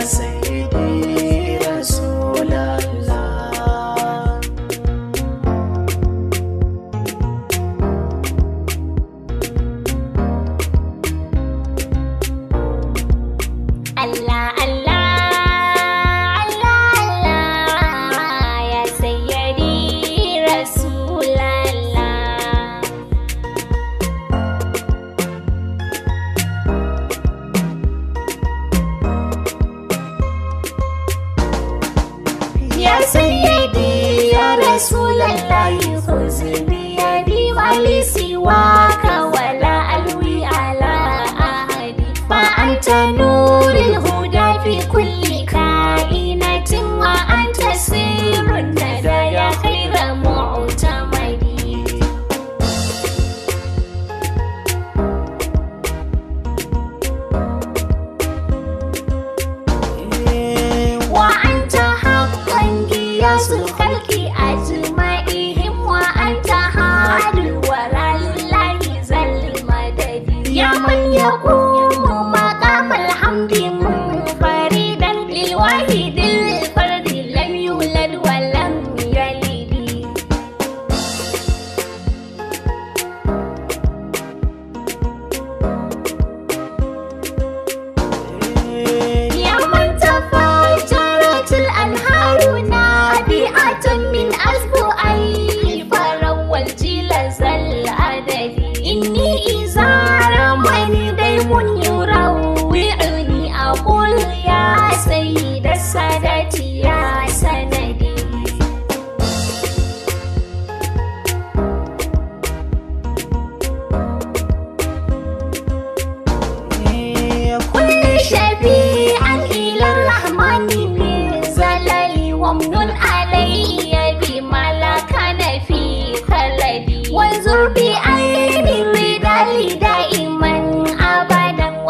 I say sayyidi ya rasulallahi khuzbi ya bi wali siwaka wala alwi ala ahadi fa anta nuril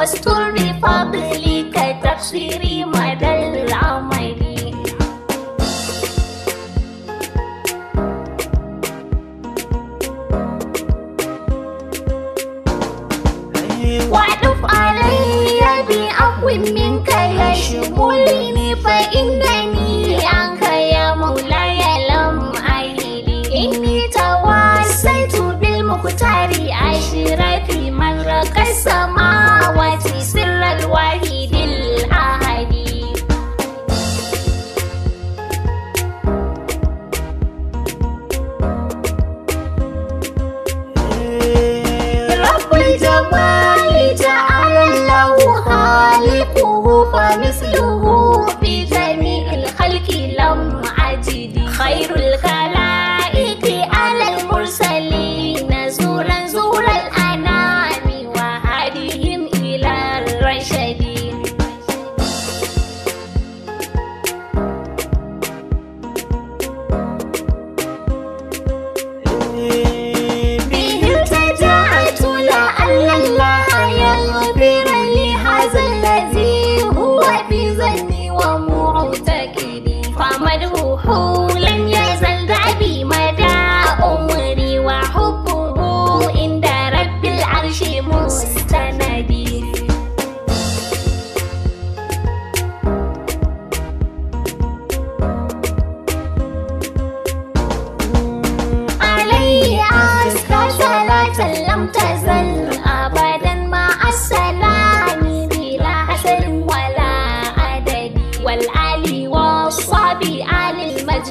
واستر بفضلك تبصري مدى العمر واعطف علي بعفو منك يشملني فإنني عنك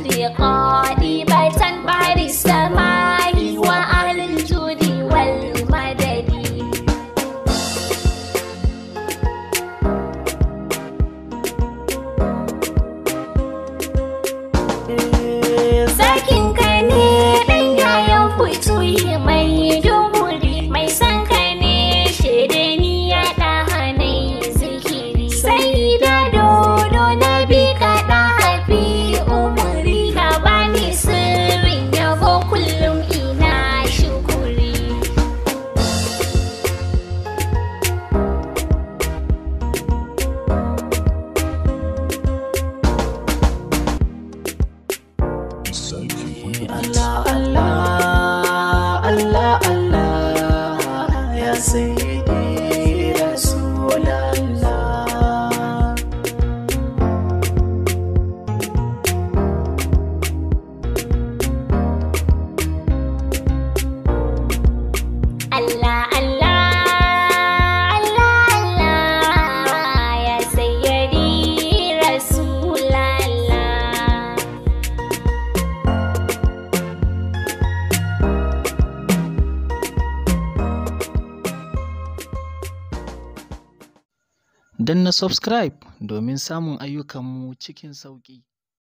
music or the bites and by Allah Allah Allah Allah ya Allah, na subscribe domin samun ayyukanmu cikin sauƙi.